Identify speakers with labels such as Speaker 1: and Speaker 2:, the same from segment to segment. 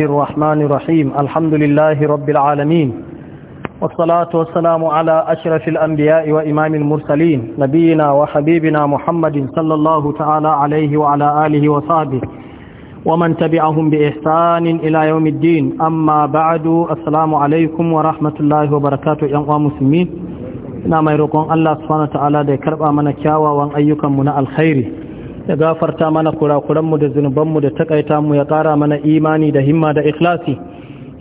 Speaker 1: الرحمن الرحيم الحمد لله رب العالمين والصلاة والسلام على أشرف الأنبياء وإمام المرسلين نبينا وحبيبنا محمد صلى الله تعالى عليه وعلى آله وصحبه ومن تبعهم بإحسان إلى يوم الدين أما بعد السلام عليكم ورحمة الله وبركاته يا مسلمين ina mai roƙon Allah subhanahu ta'ala da ya karba mana kyawawan ayyukan mu na alkhairi ya gafarta mana kurakuranmu da zunubanmu da takaita mu ya ƙara mana imani da himma da ikhlasi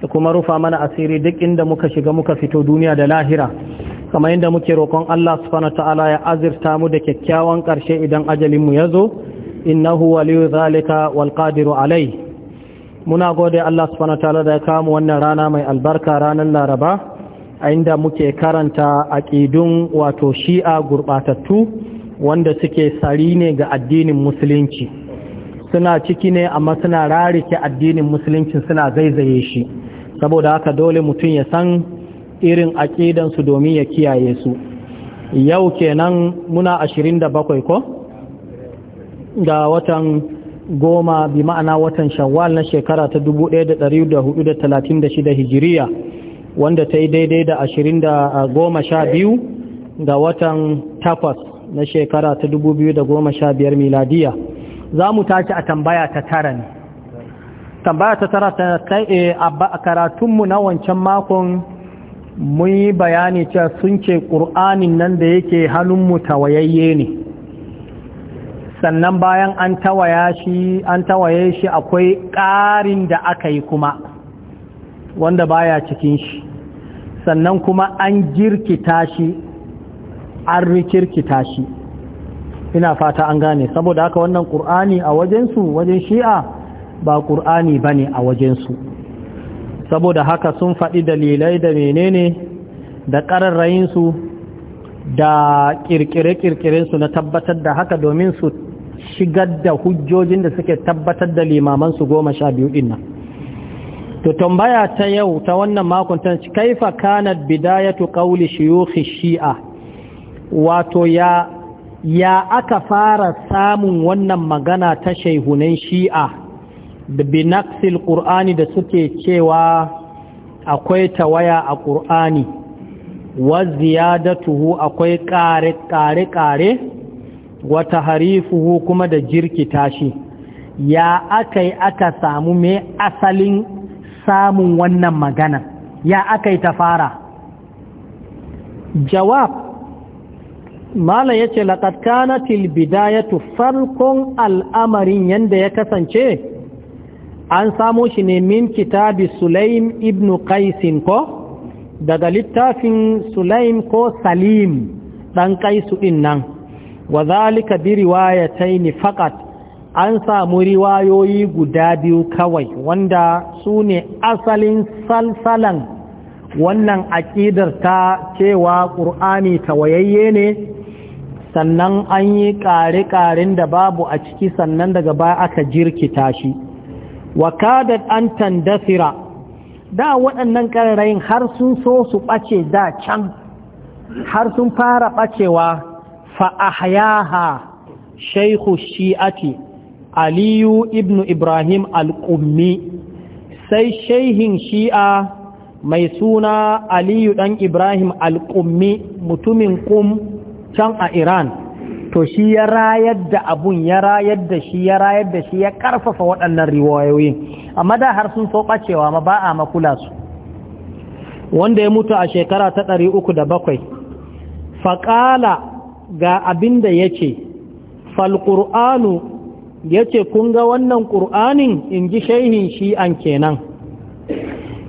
Speaker 1: da kuma rufa mana asiri duk inda muka shiga muka fito duniya da lahira kamar yadda muke roƙon Allah subhanahu ta'ala ya azirta mu da kyakkyawan ƙarshe idan ajalin mu yazo innahu waliyu zalika wal qadiru alai muna gode Allah subhanahu ta'ala da ya kawo wannan rana mai albarka ranar Laraba a inda muke karanta aqidun wato Shi'a gurbatattu wanda suke sari ne ga addinin musulunci suna ciki ne amma suna rarike addinin musulunci suna zaizaye shi saboda haka dole mutum ya san irin su domin ya kiyaye su yau kenan muna 27 ko ga watan goma bi ma'ana watan shawwal na shekara ta 1436 hijiriya wanda ta yi daidai da 20 goma sha biyu ga watan takwas na shekara ta sha 2015 miladiya za mu tashi a tambaya ta tara ne tambaya ta tara ta eh, a karatunmu na wancan makon mun yi bayani cewa sun ce ƙur'anin nan da yake hannunmu tawayayye ne sannan bayan an tawaye shi akwai ƙarin da aka yi kuma wanda baya cikin shi sannan kuma an jirkita shi an rikirkita shi ina fata an gane saboda haka wannan ƙur'ani a wajensu wajen shi'a ba ƙur'ani ba ne a wajensu saboda haka sun faɗi dalilai da menene da ƙararrayinsu da ƙirƙire-ƙirƙirensu na tabbatar da haka domin su shigar da hujjojin da suke tabbatar da limamansu goma sha biyu ɗin nan to tambaya ta yau ta wannan makon ta kaifa kanat bidayatu qawli shuyukh shi'a wato ya ya aka fara samun wannan magana ta shaihunan shi'a da binaksil ƙur'ani da suke cewa akwai tawaya a ƙur'ani wa ziyadatuhu akwai ƙare-ƙare wata harifuhu kuma da jirkita shi ya aka yi aka samu mai asalin samun wannan magana ya aka yi ta fara jawab mala ya ce laƙatkana kanatil bidayatu farkon al'amarin yadda ya kasance an samo shi ne min kitabi sulaim ibn qaisin ko daga littafin sulaim ko salim ɗan ƙaisu ɗin nan wa zalika bi ni faqat an samu riwayoyi guda biyu kawai wanda su ne asalin salsalan wannan aƙidar ta cewa ƙur'ani tawayayye ne sannan an yi ƙare-ƙaren da babu a ciki sannan daga baya aka jirkita shi wakadat an tandasira da waɗannan ƙararrayin har sun so su ɓace da can har sun fara ɓacewa fa'ahayaha shaikhu shi'ati aliyu ibnu ibrahim al-ƙummi sai shaihin shi'a mai suna aliyu ɗan ibrahim al-ƙummi mutumin ƙum can a iran to shi ya rayar da abun ya rayar da shi ya rayar da shi ya karfafa waɗannan riwayoyi amma da har sun so ɓacewa ma ba a makula su wanda ya mutu a shekara ta ɗari uku da bakwai faƙala ga abin da ya ce falƙur'anu ya ce kun ga wannan ƙur'anin in ji shaihin shi an kenan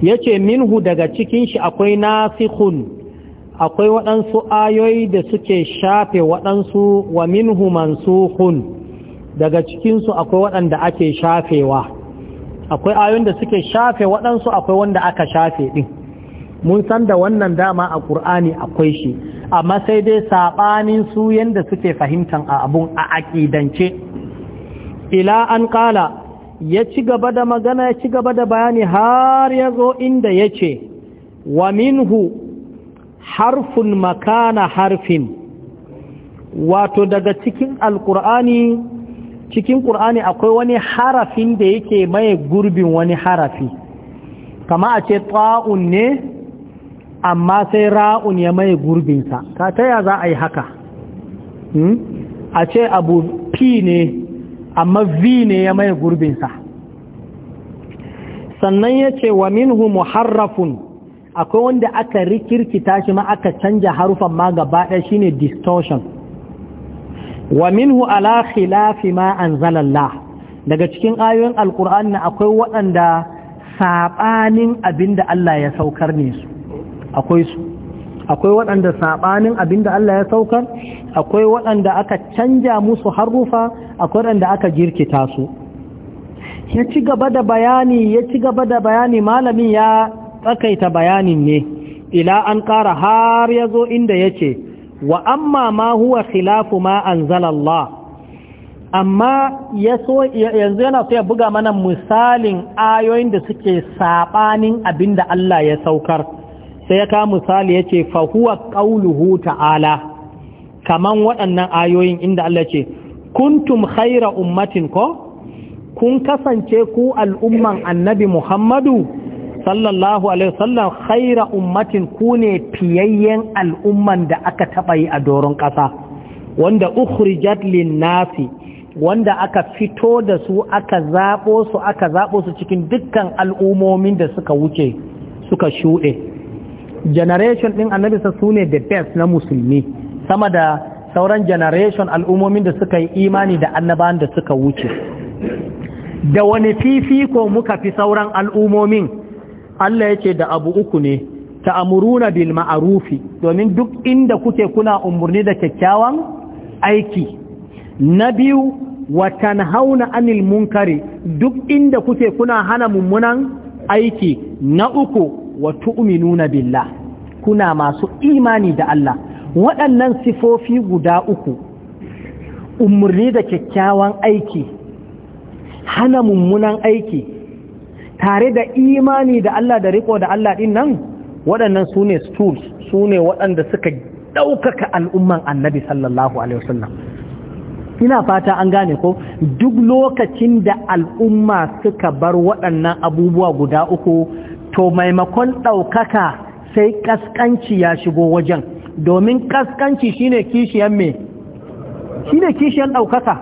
Speaker 1: ya ce minhu daga cikin shi akwai nasikun akwai waɗansu ayoyi da suke shafe waɗansu wa minhu mansukhun daga cikinsu akwai waɗanda ake shafewa akwai ayoyin da suke shafe waɗansu akwai wanda aka shafe din. mun san da wannan dama a ƙur'ani akwai shi amma sai dai saɓanin su yanda suke fahimtan a abun a aƙidance ila an ƙala ya ci gaba da magana ya ci gaba da bayani har ya zo inda yace ce wa minhu harfun makana harfin wato daga cikin alkur'ani cikin ƙur'ani akwai wani harafin da yake maye gurbin wani harafi kama a ce ta'un ne amma sai ra'un ya maye gurbinsa ta taya za a yi haka hmm? a ce abu p ne amma v ne ya maye gurbinsa sannan ya ce wa minhu muharrafun akwai wanda aka rikirkita shi ma aka canja harufan ma gaba ɗaya shine distortion wa minhu ala khilafi ma anzalallah daga cikin ayoyin alkur'ani na akwai waɗanda saɓanin abinda Allah ya saukar ne su akwai su akwai waɗanda saɓanin abinda Allah ya saukar akwai waɗanda aka canja musu harufa akwai waɗanda aka jirkita su ya ci gaba da bayani ya ci gaba da bayani malamin ya tsakaita bayanin ne ila an ƙara har ya zo inda ya ce wa amma ma huwa khilafu ma anzalallah amma yanzu yana so ya buga mana misalin ayoyin da suke saɓanin abin da Allah ya saukar sai ya ka misali ya ce fahuwa ƙauluhu ta'ala kaman waɗannan ayoyin inda Allah ce kuntum khaira ummatin ko kun kasance ku al'umman annabi Muhammadu sallallahu alaihi wasallam khaira ummatin kune fiyayyen al'umman da aka taɓa yi a doron ƙasa wanda ukhrijat lin nasi wanda aka fito da su aka zaɓo su aka zaɓo su cikin dukkan al'umomin da suka wuce suka shuɗe generation ɗin annabi sa su ne the best na musulmi sama da sauran generation al'umomin da suka yi imani da annabawan da suka wuce da wani fifiko muka fi sauran al'umomin Allah ya ce da abu uku ne ta'amuruna bil ma'arufi domin duk inda kuke kuna umarni da kyakkyawan aiki na biyu watan hauna anil munkari duk inda kuke kuna hana mummunan aiki na uku wa tu'minuna billah kuna masu imani da Allah waɗannan sifofi guda uku umarni da kyakkyawan aiki hana mummunan aiki tare da imani da Allah da riko da Allah din nan waɗannan su ne stools su ne waɗanda suka ɗaukaka al'umman annabi sallallahu alaihi wasallam ina fata an gane ko duk lokacin da al'umma suka bar waɗannan abubuwa guda uku to maimakon ɗaukaka sai ƙasƙanci ya shigo wajen domin ƙasƙanci shine kishiyan me shine kishiyan ɗaukaka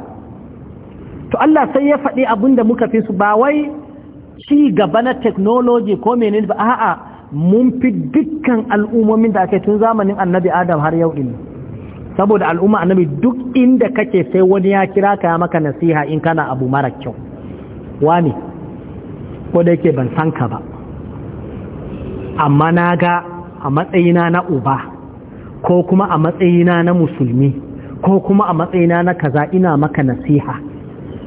Speaker 1: to Allah sai ya faɗi abin da muka fi su ba wai ci gaba na technology ko menene ba a'a mun fi dukkan al'ummomin da ake tun zamanin annabi adam har yau din saboda al'umma annabi duk inda kake sai wani ya kira ka ya maka nasiha in kana abu mara kyau wani ko da yake ban san ka ba amma na ga a matsayina na uba ko kuma a matsayina na musulmi ko kuma a matsayina na kaza ina maka nasiha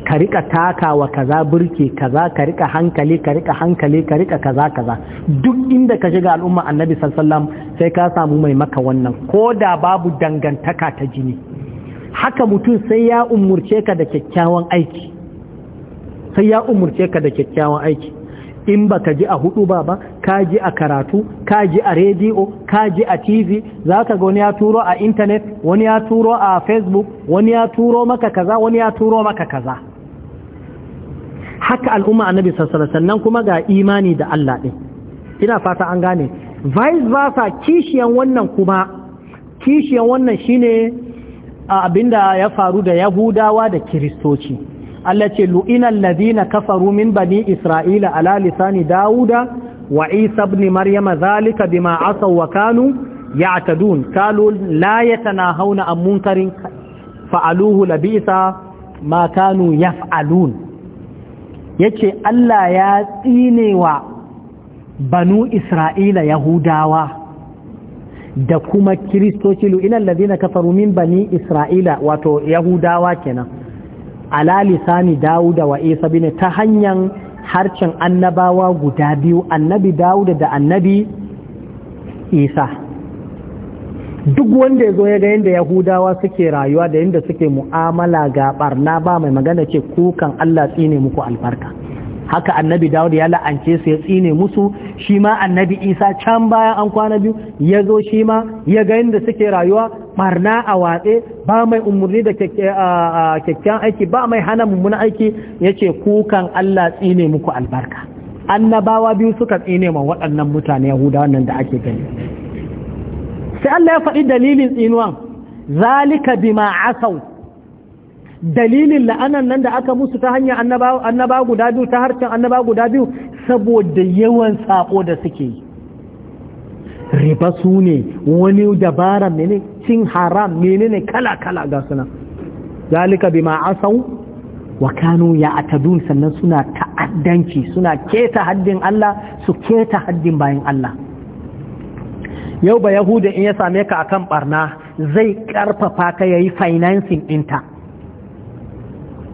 Speaker 1: ka rika takawa kaza burke kaza ka rika hankali ka rika hankali ka rika kaza kaza duk inda ka shiga al'umma annabi sallallahu sai ka samu mai maka wannan ko da babu dangantaka ta jini haka mutum sai ya umurce ka da kyakkyawan aiki sai ya umurce ka da kyakkyawan aiki in ba ka ji a hudu ba ba ka ji a karatu ka ji a rediyo ka ji a tv za ka ga wani ya turo a intanet wani ya turo a facebook wani ya turo maka kaza wani ya turo maka kaza haka al'umma annabi sallallahu sannan kuma ga imani da Allah ɗin ina fata an gane vice versa kishiyan wannan kuma kishiyan wannan shine abinda ya faru da yahudawa da kiristoci Allah ce lu'inan ladina kafaru min bani isra'ila ala lisani dauda wa isa ibn maryama zalika bima asaw wa kanu ya'tadun kalu la yatanahawna an munkarin fa'aluhu labisa ma kanu yaf'alun yace Allah ya tsinewa banu Isra'ila Yahudawa da kuma Kiristoci lu'inan lazina kafaru min bani Isra'ila wato Yahudawa kenan ala lisani Dawuda wa Isa bine ta hanyar harshen annabawa guda biyu annabi Dawuda da annabi Isa duk wanda ya zo ya ga yadda yahudawa suke rayuwa da yadda suke mu'amala ga barna ba mai magana ce kukan Allah tsine muku albarka haka annabi dawud ya la'ance su ya tsine musu shi ma annabi isa can bayan an kwana biyu ya zo shi ma ya ga yadda suke rayuwa barna a watse ba mai umarni da kyakkyawan aiki ba mai hana mummunan aiki ya ce kukan Allah tsine muku albarka annabawa biyu suka tsine ma waɗannan mutane Yahudawa nan da ake gani sai Allah ya faɗi dalilin tsinuwan zalika bima asau dalilin la'anan nan da aka musu ta hanyar annaba guda biyu ta harshen annaba guda biyu saboda yawan sako da suke riba sune wani dabara mene cin haram mene ne kala-kala ga suna zalika bima asau wa kanu ya atadun sannan suna ta'addanci suna keta haddin Allah su keta haddin bayan Allah yau ba huda in ya same ka akan barna zai karfafa ka yayi financing ɗinta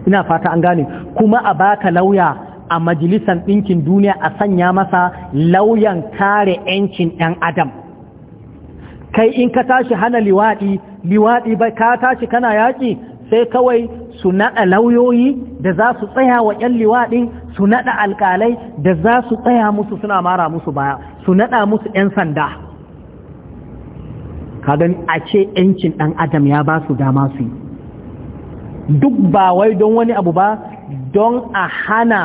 Speaker 1: ina fata an gane kuma a baka lauya a majalisan ɗinkin duniya a sanya masa lauyan kare 'yancin yan adam kai in ka tashi hana liwaɗi liwaɗi ba ka tashi kana yaƙi sai kawai su naɗa lauyoyi da za su tsaya wa 'yan liwaɗin su naɗa alƙalai da za su tsaya musu suna mara musu baya su naɗa musu 'yan sanda ka gani a ce yancin ɗan adam ya ba su dama su yi duk ba wai don wani abu ba don a hana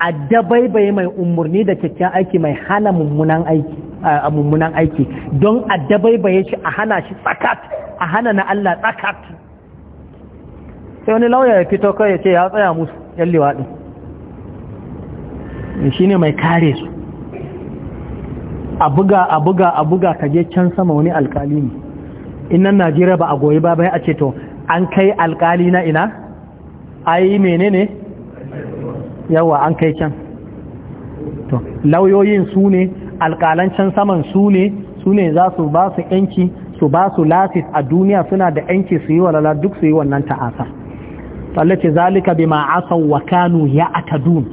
Speaker 1: a dabaibaye mai umarni da kyakkyan aiki mai hana mummunan aiki don a dabaibaye shi a hana shi tsakat a hana na Allah tsakat sai wani lauya ya fito kai ya ce ya tsaya musu yan liwaɗi shi ne mai kare su a buga a buga a buga ka je can sama wani alkali ne inan najeriya ba a goyi ba bai a ce to an kai alkali na ina ai menene yawa an kai can to lauyoyin su ne alkalan can saman su ne su ne za su ba su yanki su ba su lasis a duniya suna da yanki su yi walala duk su yi wannan ta'asa Allah ce zalika bi asaw wa kanu ya atadun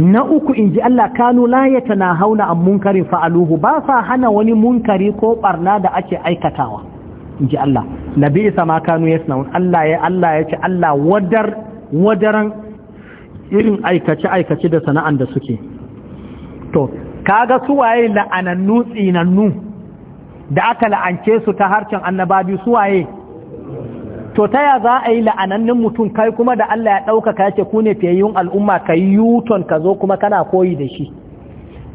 Speaker 1: na uku in ji Allah kanu la ya tana hauna an munkarin fa'aluhu ba sa hana wani munkari ko barna da ake aikatawa in ji Allah na biyu sama kanu ya suna Allah ya Allah ya ce Allah wadaran irin aikace aikace da sana'an da suke to kaga suwaye la'anannu tsinannu da aka la'ance su ta harcin su suwaye to ta ya za a yi la'anannin mutum kai kuma da Allah ya ɗaukaka ya ce ku ne fiyayyun al'umma ka yi yuton ka zo kuma kana koyi da shi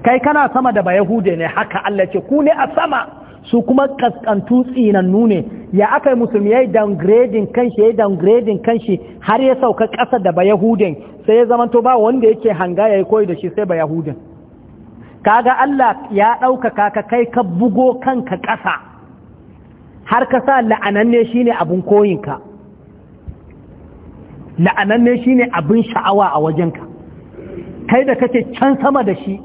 Speaker 1: kai kana sama da bayahude ne haka Allah ce ku ne a sama su kuma kaskantu tsinannu ne ya aka yi musulmi ya yi downgrading kanshi ya yi downgrading kanshi har ya sauka ƙasa da bayahuden sai ya zamanto ba wanda yake hanga ya yi koyi da shi sai bayahuden kaga Allah ya ɗaukaka ka kai ka bugo kanka ƙasa har ka sa la'ananne shine abin koyinka la'ananne shine abin sha'awa a wajenka kai da kake can sama da shi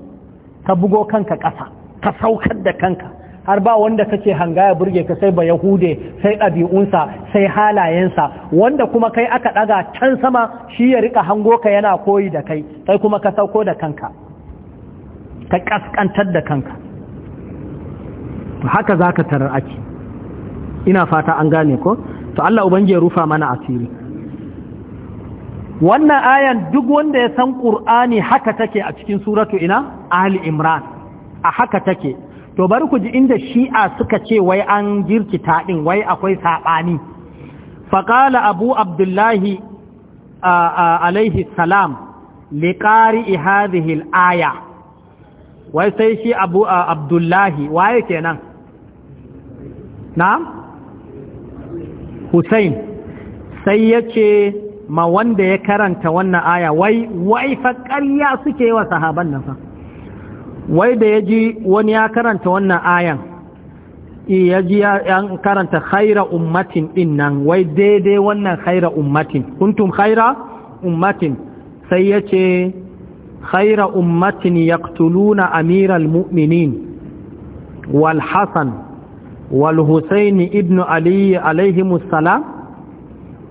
Speaker 1: ka bugo kanka ƙasa ka saukar da kanka har ba wanda kake hangaya burge ka sai ba ya hude sai ɗabi'unsa sai halayensa wanda kuma kai aka ɗaga can sama shi ya rika hango ka yana koyi da kai kai kuma ka sauko da kanka ka ƙasƙantar da kanka haka za ka tarar ake ina fata an gane ko to Allah ubangiya rufa mana asiri wannan ayan duk wanda ya san qur'ani haka take a cikin suratu ina ali imran a haka take to bari ku ji inda shi'a suka ce wai an girkita din wai akwai sabani faqala abu abdullahi alaihi salam liqari hadhihi alaya wai sai shi abu abdullahi waye kenan na'am Hussain, sai ya ce ma wanda ya karanta wannan aya wai wai fa suke wa sahaban nan fa wai da yaji wani ya karanta wannan ayan ya ji an karanta khaira ummatin din nan wai daidai wannan khaira ummatin kuntum khaira ummatin sai ya ce khaira ummatin yaqtuluna amiral mu'minin wal hasan wal husaini ibn ali alaihi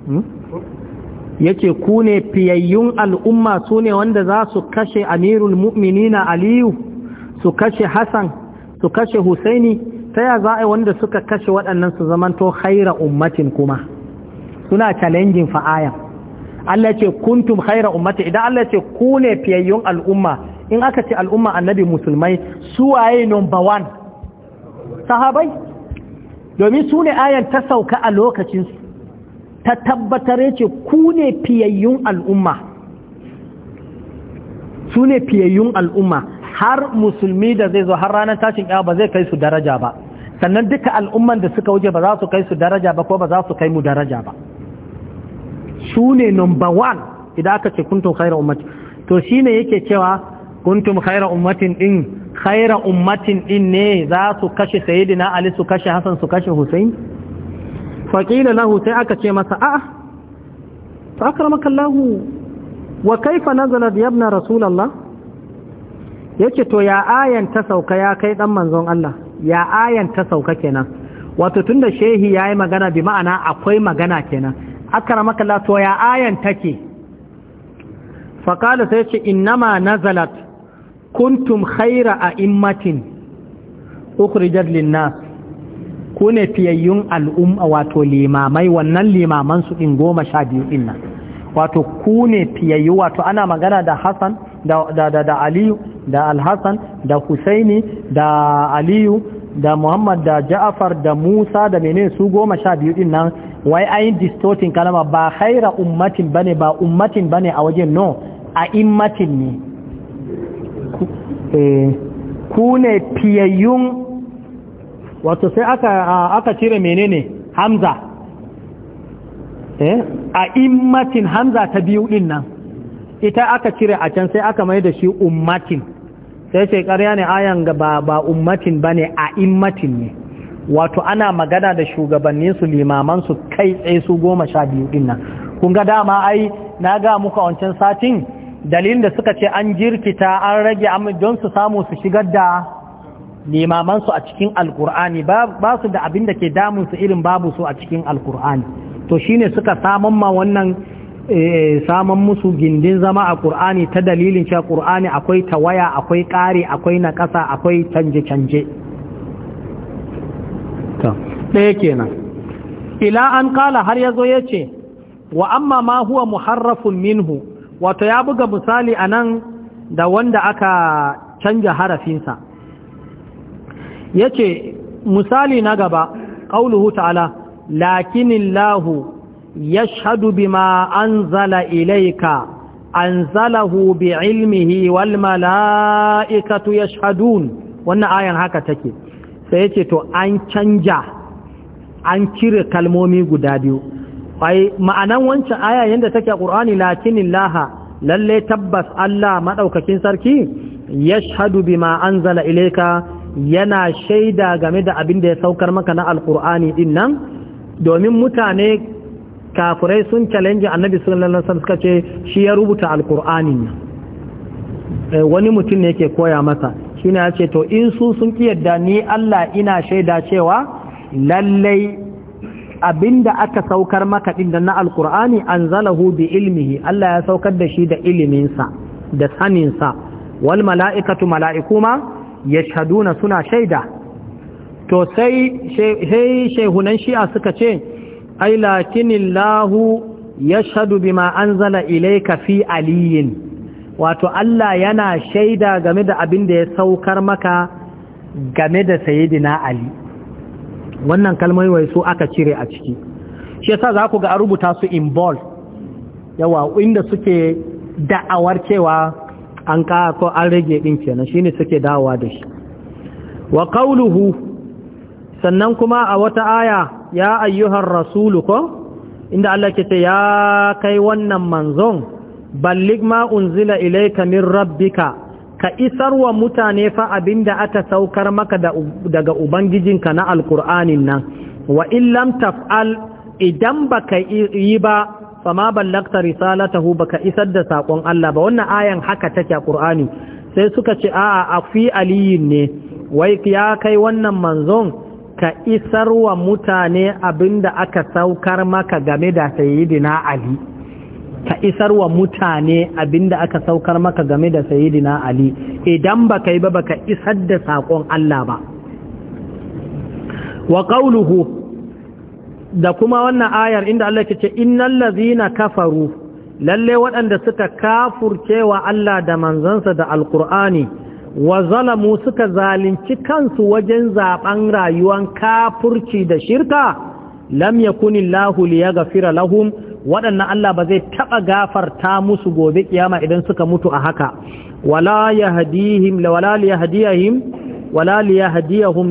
Speaker 1: hmm? yace ku ne fiyayyun al'umma su ne wanda za su kashe amirul mu'minina aliyu su kashe Hassan, su kashe husaini ta ya za a wanda suka kashe waɗannan su zamanto haira ummatin kuma suna challenging fa'ayan Allah ce kuntum haira ummatin. idan Allah ce ku ne fiyayyun al'umma in aka ce al'umma annabi musulmai su waye number one, sahabai domin su ne ayan ta sauka a lokacinsu ta tabbatar ce ku ne fiyayyun al'umma su ne fiyayyun al'umma har musulmi da zai zo har ranar tashin ya ba zai kai su daraja ba sannan duka al'umman da suka wuce ba za su kai su daraja ba ko ba za su kai mu daraja ba su ne number one idan aka ce kuntum khaira ummatin, to shine yake cewa kuntum khaira ummatin din khaira ummatin din ne za su kashe sayyidina ali su kashe hasan su kashe husain faqila lahu sai aka ce masa a fa Lahu. wa kaifa nazalat ya ibn rasulullah ce to ya ayan ta sauka ya kai dan manzon Allah ya ayan ta sauka kenan wato tunda shehi yayi magana bi ma'ana akwai magana kenan akramakallahu to ya ayan take faqala sai ce innama nazalat kuntum khaira a immatin ukhrijat linnas ku ne fiyayyun al'umma wato limamai wannan limaman su din goma sha biyu din nan wato ku ne fiyayyu wato ana magana da Hassan da Aliyu da Alhassan, da Husaini da Aliyu da Muhammad da ja'afar da Musa da menene su goma sha biyu din nan wai ayin distotin kalama ba khaira ummatin bane ba ummatin bane a wajen no a immatin ne Eh, ku ne fiyayyun wato sai aka cire menene hamza eh, a immatin hamza ta biyu din nan ita aka cire a can sai aka mai da shi ummatin sai sai karya ne ayan ga ba ummatin ba ne a immatin ne wato ana magana da su limaman su kai tsaye su goma sha biyu din nan kun ga dama ai na ga muka wancan satin dalilin da suka ce an jirkita an rage don su samu su shigar da limamansu a cikin alkur'ani ba su da abin da ke damunsu irin babu su a cikin alkur'ani to shine suka samun ma wannan eh, saman musu gindin zama a ƙur'ani ta dalilin cewa ƙur'ani akwai tawaya akwai ƙari akwai na ƙasa akwai canje-canje kenan ila an kala har ya zo ya ce wa amma ma huwa muharrafun minhu wato ya buga misali a nan da wanda aka canja harafinsa ya ce misali na gaba ƙauluhu ta'ala lakinillahu ya bi bima an zala ilaika an zalahu bi ilmihi wal mala'ikatu ya wannan ayan haka take sai ya ce to an canja an cire kalmomi guda biyu ai ma'anan wancan aya yanda take qur'ani lakinin laha lalle tabbas Allah madaukakin sarki yashhadu bima anzala ilayka yana shaida game da abin da ya saukar maka na alqur'ani dinnan domin mutane kafirai sun challenge annabi sallallahu alaihi wasallam suka ce shi ya rubuta alqur'ani eh, wani mutum ne yake koya masa shine ya ce to in su sun kiyarda ni Allah ina shaida cewa lallai abinda aka saukar maka din na alqur'ani anzala bi ilmihi Allah ya saukar da shi da iliminsa da saninsa wal mala'ikatu mala'ikuma yashhaduna suna shaida to sai shehunan shi'a suka ce ai lakinillahu yashhadu bima anzala ilayka fi aliyin wato Allah yana shaida game da abin da ya saukar maka game da saidina ali wannan kalmai wai su aka cire a ciki shi yasa za ku ga a rubuta su in bold yawa inda suke da'awar cewa an ka ko an rage din kenan shine suke dawowa da shi wa qawluhu sannan kuma a wata aya ya ayyuhar rasulu ko inda Allah ke ce ya kai wannan manzon ballig ma unzila ilayka min rabbika ka isarwa mutane fa abinda aka saukar maka daga ubangijinka na alkur'anin nan wa illam taf'al idan baka yi ba ma ballakta risalatahu baka isar da sakon Allah ba wannan ayan haka take a sai suka ce a'a a fi aliyin ne wai ya kai wannan manzon ka isarwa wa mutane da aka saukar maka game da sayyidina Ali ka isar wa mutane abinda aka saukar maka game da sayidina ali idan baka yi ba baka isar da sakon Allah ba wa ƙauluhu da kuma wannan ayar inda Allah ke ce innal ladhina kafaru lalle waɗanda suka kafurcewa Allah da manzansa da alqur'ani wa zalamu suka zalunci kansu wajen zaben rayuwar kafurci da shirka lam yakuni lahu liyaghfira lahum wadannan Allah ba zai taɓa gafarta musu gobe kiyama idan suka mutu a haka wala yahdihim wala yahdihim wala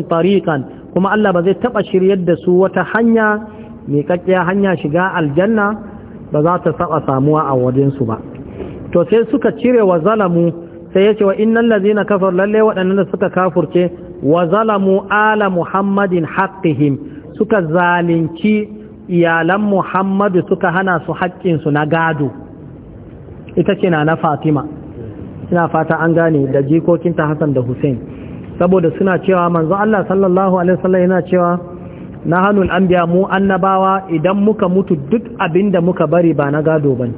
Speaker 1: tariqan kuma Allah ba zai taɓa shiryar da su wata hanya mai kakkiya hanya shiga aljanna ba za ta saba samuwa a wajen su ba to sai suka cire wa zalamu sai yace wa innal ladzina kafar lalle waɗannan da suka kafurce wa zalamu ala muhammadin haqqihim suka zalunci iyalan muhammadu suka hana su haƙƙinsu na gado ita ce na fatima suna fata an gane da jikokinta hassan da hussein saboda suna cewa manzo allah sallallahu alaihi wasallam yana cewa na hannun an biya mu annabawa idan muka mutu duk abinda muka bari ba na gado ba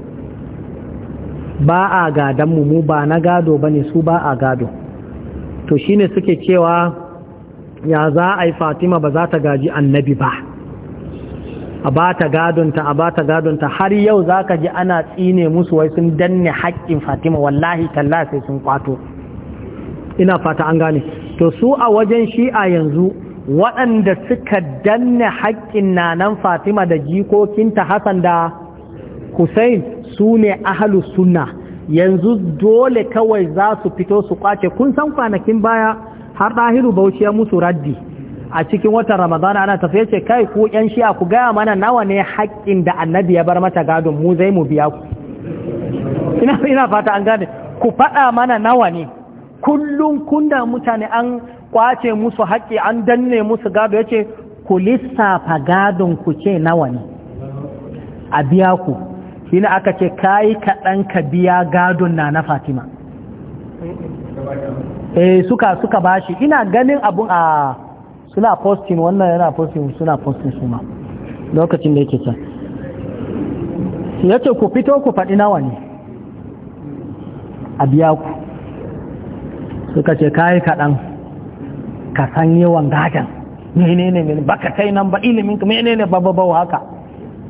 Speaker 1: ba a gadonmu mu ba na gado ba ne su ba a gado to shi ne suke cewa ya za a yi fatima ba za ta gaji annabi ba a ba ta gadonta a ba ta gadonta har yau za ka ji ana tsine musu wai sun danne haƙƙin fatima wallahi talla sai sun kwato ina fata an gane to su a wajen shi a yanzu waɗanda suka danne haƙƙin nanan fatima da jikokinta hassan da hussein su ne ahalus sunna yanzu dole kawai za su fito su kwace kun san kwanakin baya har ɗahiru bauchi ya musu raddi a cikin watan ramadana ana tafiye ce kai ku yan shi'a ku gaya mana nawa ne haƙƙin da annabi ya bar mata gadon mu zai mu biya ku ina fata an gane ku faɗa mana nawa ne kullum kunda mutane an kwace musu haƙƙi an danne musu gado yace ku lissafa gadon ku ce nawa ne a biya ku shi ne aka ce kayi kaɗan ka biya gadon na na fatima eh suka suka bashi ina ganin abun a suna posting wannan yana posting suna posting suma lokacin da yake can ya ce ku fito ku faɗi nawa ne a biya ku suka ce kayi kaɗan ka san yawan gadon menene ne baka kai nan ba ilimin menene ba haka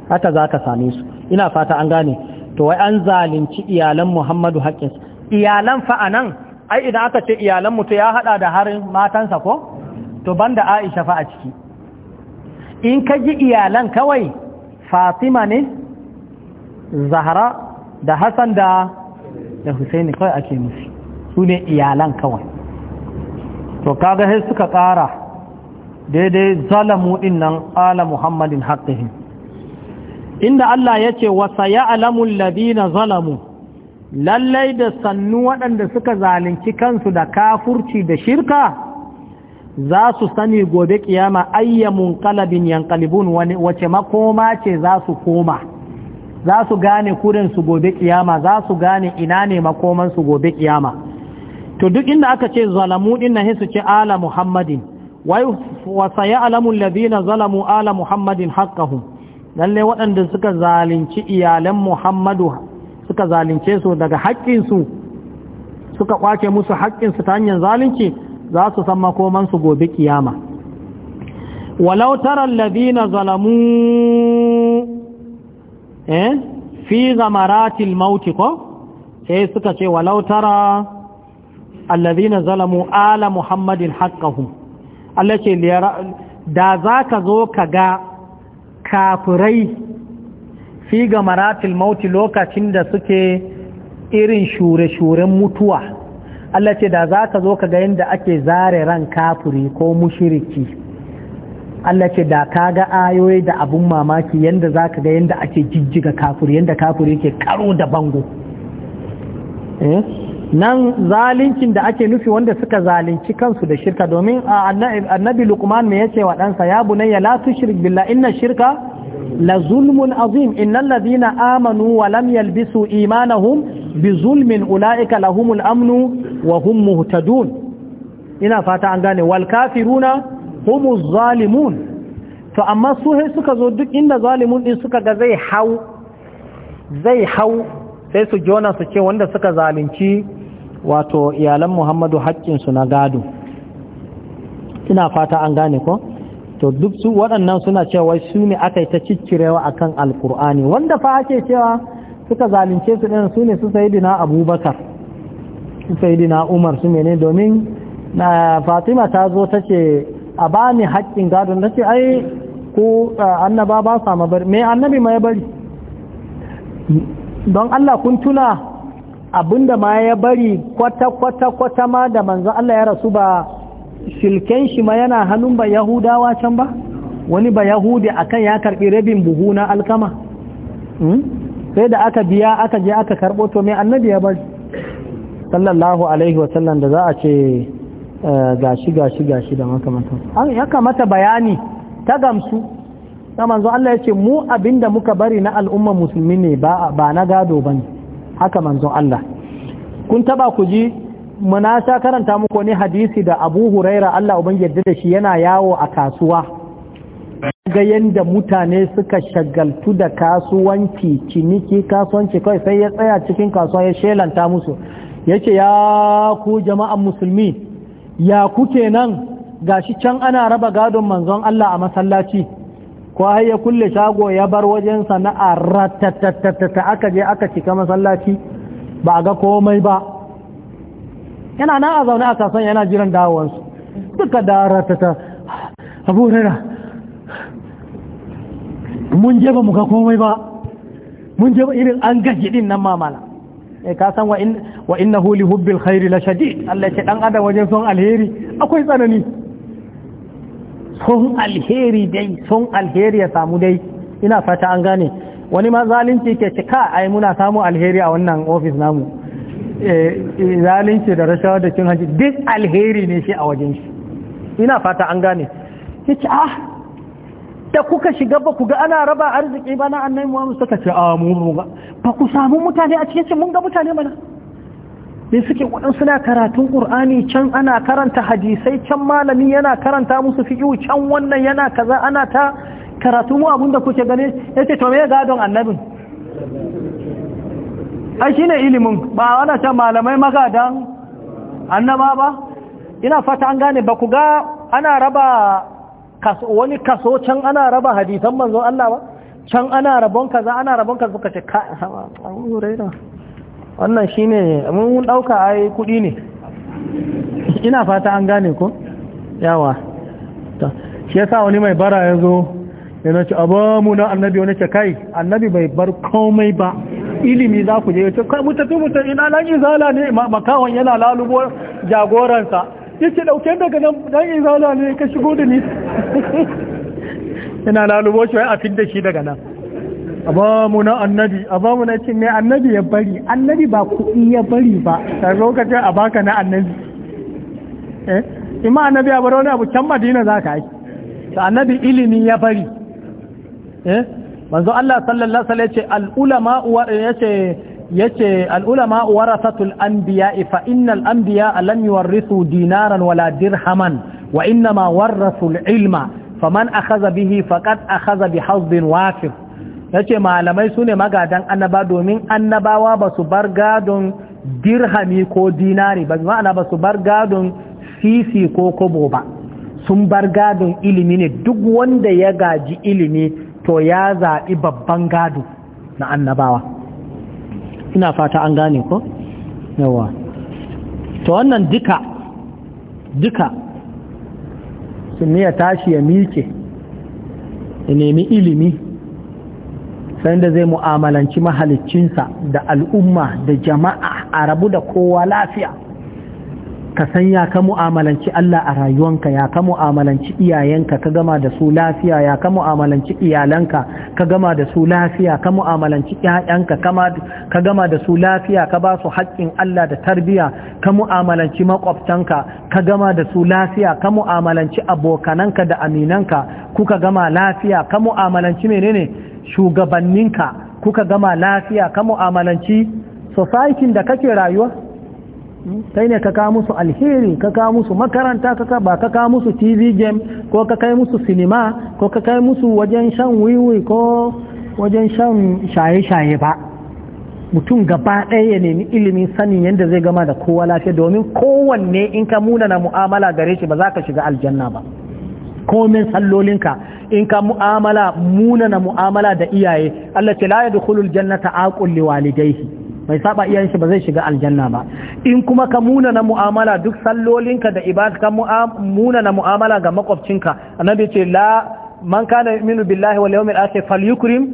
Speaker 1: haka za ka same su ina fata an gane to wai an zalunci iyalan muhammadu haƙƙin iyalan fa anan ai idan aka ce iyalan mutu ya haɗa da harin matansa ko to banda aisha fa a ciki in ka ji iyalan kawai fatima ne zahara da hassan da da husaini kawai ake musu su ne iyalan kawai to kaga sai suka ƙara daidai zalamu ɗin nan ala muhammadin haƙƙihim inda Allah ya ce wasa ya alamun ladina zalamu lallai da sannu waɗanda suka zalunci kansu da kafurci da shirka za su sani gobe kiyama ayyamun kalabin yankalibun wace makoma ce za su koma za su gane kurinsu gobe kiyama za su gane ina ne makomansu gobe kiyama to duk inda aka ce zalamu din na hisu ce ala muhammadin wasa ya alamun ladina zalamu ala muhammadin haƙƙahun lalle waɗanda suka zalunci iyalan muhammadu suka zalunce su daga haƙƙinsu suka ƙwace musu haƙƙinsu ta hanyar zalunci za su san makomansu gobe kiyama walau taral ladina zalamu eh fi zamaratil mauti ko sai suka ce walau tara alladhina zalamu ala muhammadin haqqahum Allah ce da za ka zo ka ga kafirai fi ga maratil mauti lokacin da suke irin shure-shuren mutuwa Allah ce da za ka zo ka ga yadda ake zare ran kafiri ko mushiriki Allah ce da ka ga ayoyi da abun mamaki yadda za ka ga yadda ake jijjiga kafiri yadda kafiri ke karo da bango eh nan zalincin da ake nufi wanda suka zalunci kansu da shirka domin annabi lukman mai yace wa ɗansa ya bunayya la tushrik billah inna shirka la zulmun azim innal ladina amanu wa lam yalbisu imanahum bi zulmin ulaika lahumul amnu wa hum muhtadun ina fata an gane wal kafiruna humuz zalimun to amma su sai suka zo duk inda zalimun din suka ga zai hau zai hau sai su jona su ce wanda suka zalunci wato iyalan muhammadu haƙƙinsu na gado ina fata an gane ko to duk su waɗannan suna cewa su ne aka yi ta ciccirewa kan alkur'ani wanda fa ake cewa suka zalunce su ɗin su ne su dina abubakar su dina umar su ne domin na fatima ta zo ta ce a ba ni haƙƙin gado ta ce ai ko annaba ba sa mabari me annabi ma bari don allah kun tuna abinda ma ya bari kwata-kwata-kwata ma da manzo. Allah ya rasu ba silken shi ma yana hannun ba yahudawa can ba wani ba yahudi akan ya karbi rabin buhu na alkama hmm? sai da aka biya aka je aka karbo to mai annabi ya bari sallallahu alaihi wasallam da za a ce eh, gashi gashi gashi da makamata an ya kamata bayani ta gamsu Da manzo Allah ya ce mu abinda muka bari na al'umma musulmi ne ba na gado bane haka manzon Allah kun taba ku ji muna sha karanta muku wani hadisi da Abu Huraira Allah ubangiji yarda da shi yana yawo a kasuwa ga yanda mutane suka shagaltu da kasuwanci ciniki kasuwanci kai sai ya tsaya cikin kasuwa ya shelanta musu yace ya ku jama'an musulmi ya kuke nan gashi can ana raba gadon manzon Allah a masallaci ko har ya kulle shago ya bar wajen sana'a ratatatata aka je aka cika masallaci ba ga komai ba yana na a zaune a kasan yana jiran dawowarsu duka da ratata abu rira mun je ba mu ga komai ba mun je ba irin an gaji din nan mamala e eh, ka san wa inna huli hubbil khairi la shadid Allah ya ce dan adam wajen son alheri akwai tsanani Sun alheri dai sun alheri ya samu dai ina fata an gane wani ma zalunci ke cika ai muna samu alheri a wannan ofis namu eh, eh, zalunci da rashawa da cin hajji duk alheri ne shi a wajen shi ina fata an gane ce ah da kuka shiga ba ku ga ana raba arziki ba na annai muhammad suka ce a ah, mu ba ku samu mutane a cikin mun ga mutane mana me suke waɗansu suna karatun ƙur'ani can ana karanta hadisai can malami yana karanta musu fiƙi can wannan yana kaza ana ta karatu mu abinda kuke gane yace to me ga don annabi. ai shine ilimin ba ana ta malamai magadan annaba ba ina fata an gane ba ku ga ana raba kaso wani kaso can ana raba hadisan manzon Allah ba can ana rabon kaza ana rabon kaza suka ce ka wannan shi ne mun ɗauka a yi kuɗi ne ina fata an gane ko yawa shi ya sa wani mai bara ya zo ya nace abamu na annabi wani ce kai annabi bai bar komai ba ilimi za ku je ce kai mutafi mutum ina nan izala ne makawan yana lalubo jagoransa ya ce ɗauke daga nan izala ne ka shigo da ni ina lalubo shi wai a fidda shi daga nan a ba mu na annabi a ba mu na cin mai annabi ya bari annabi ba kuɗi ya bari ba a lokacin a baka na annabi eh ima annabi a bari wani abu can madina za ka yi ta annabi ilimi ya bari eh manzo Allah sallallahu alaihi ce al-ulama yace yace al-ulama warasatul anbiya fa innal anbiya lam yuwarrisu dinaran wala dirhaman wa innama warasul ilma faman akhadha bihi faqad akhadha bi Hausbin wafir ya ce malamai su ne magadan annaba domin annabawa ba su bar gadon dirhami ko dinari ba ma'ana ba su bar gadon sisi ko kobo ba sun bar gadon ilimi ne duk wanda ya gaji ilimi to ya zaɓi babban gado na annabawa ina fata an gane ko? yawa to wannan duka duka sun ya tashi ya mike ya nemi ilimi sanda zai mu'amalanci mahalicinsa da al'umma da jama'a a rabu da kowa lafiya ka san ya ka mu'amalanci Allah a rayuwanka ya ka mu'amalanci iyayenka ka gama da su lafiya ya ka mu'amalanci iyalanka ka gama da su lafiya ka mu'amalanci ƴaƴanka ka gama da su lafiya ka ba su haƙƙin Allah da tarbiya ka mu'amalanci makwabtanka ka gama da su lafiya ka mu'amalanci abokananka da aminanka kuka gama lafiya ka mu'amalanci menene shugabanninka kuka gama lafiya ka mu'amalanci society da kake rayuwa kai ne ka kawo musu alheri ka kawo musu makaranta ka ba ka kawo musu tv game ko ka kai musu sinima ko ka kai musu wajen shan wiwi ko wajen shan shaye-shaye ba mutum gaba ɗaya ya nemi ilimin sanin yadda zai gama da kowa lafiya domin kowanne in ka muna na mu'amala gare shi ba za ka shiga aljanna ba komin sallolinka in ka mu'amala munana mu'amala da iyaye Allah ce la yadkhulul jannata aqul liwalidayhi mai saba iyayen shi ba zai shiga aljanna ba in kuma ka munana mu'amala duk sallolinka da ka munana mu'amala ga makwabcinka annabi ce la man kana yu'minu billahi wal yawmil akhir falyukrim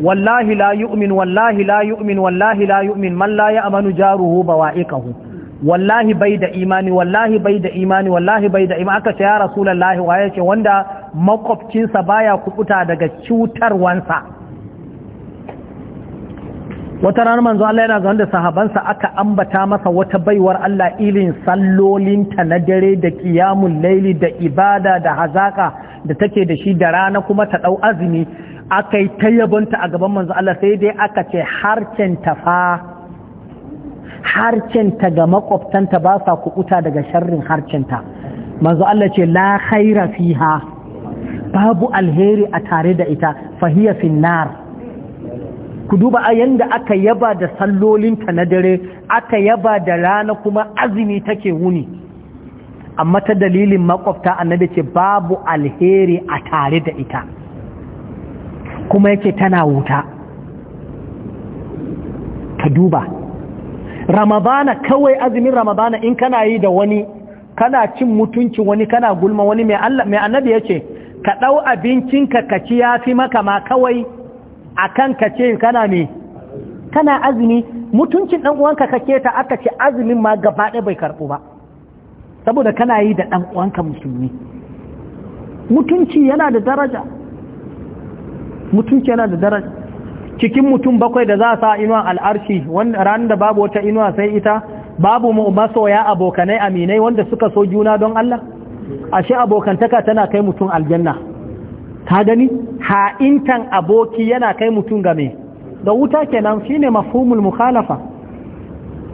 Speaker 1: wallahi la yu'min wallahi la yu'min wallahi la yu'min man la ya'manu jaruhu bawa'iqahu wallahi bai da imani wallahi bai da imani wallahi bai da imani aka ce ya rasulullahi wa ce wanda makwabcinsa baya kubuta daga cutarwansa wata ranar manzo Allah yana zaune da sahabansa aka ambata masa wata baiwar Allah irin sallolinta na dare da kiyamun laili da ibada da hazaka da take da shi da rana kuma ta dau azumi aka yi ta yabonta a gaban manzo Allah sai dai aka ce harcen tafa Harkenta ga makwabtanta ba sa kuɓuta daga sharrin harcenta manzo Allah ce la khaira fiha babu alheri a tare da ita fahiya finnar ku duba a yanda aka yaba da sallolinta na dare aka yaba da rana kuma azumi take wuni amma ta dalilin makwabta annabi ce babu alheri a tare da ita kuma yake tana wuta ka duba ramadana kawai azumin ramadana in kana yi da wani kana cin mutuncin wani kana gulma wani mai annabi ya ce ka ɗau abincinka ka ci ya fi maka ma kawai a kan ka ce kana ne kana azumi mutuncin ɗan uwanka ka keta aka ce azumin ma gaba ɗaya bai karɓu ba saboda kana yi da ɗan uwanka musulmi mutunci yana da daraja mutunci yana da daraja cikin mutum bakwai da za a sa inuwa al'arshi ranar da babu wata inuwa sai ita babu masoya abokanai aminai wanda suka so juna don Allah ashe abokantaka tana kai mutum aljanna ta gani ha'intan aboki yana kai mutum game da wuta kenan shine mafumul mukhalafa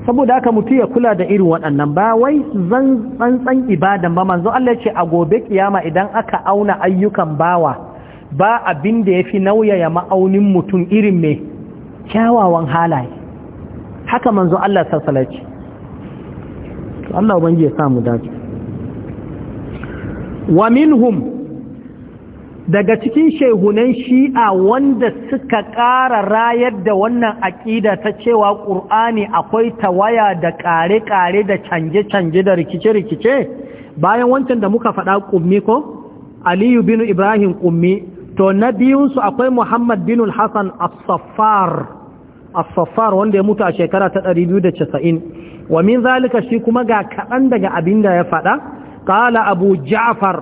Speaker 1: saboda haka mutum ya kula da irin waɗannan ba wai zan tsantsan ibadan ba manzo Allah ce a gobe kiyama idan aka auna ayyukan bawa ba abin da ya fi nauyaya ma'aunin mutum irin mai kyawawan halaye haka manzo Allah sassalaci Allah ubangi ya samu dace wa minhum daga cikin shehunan shi'a wanda suka ƙara rayar da wannan aƙida ta cewa ƙur'ani akwai tawaya da ƙare-ƙare da canje-canje da rikice-rikice bayan wancan da muka faɗa ƙummi ko aliyu binu ibrahim ƙummi to na biyunsu akwai muhammad bin hassan as-saffar as-saffar wanda ya mutu a shekara ta 290 wa min zalika shi kuma ga kaɗan daga abin da ya faɗa qala abu ja'far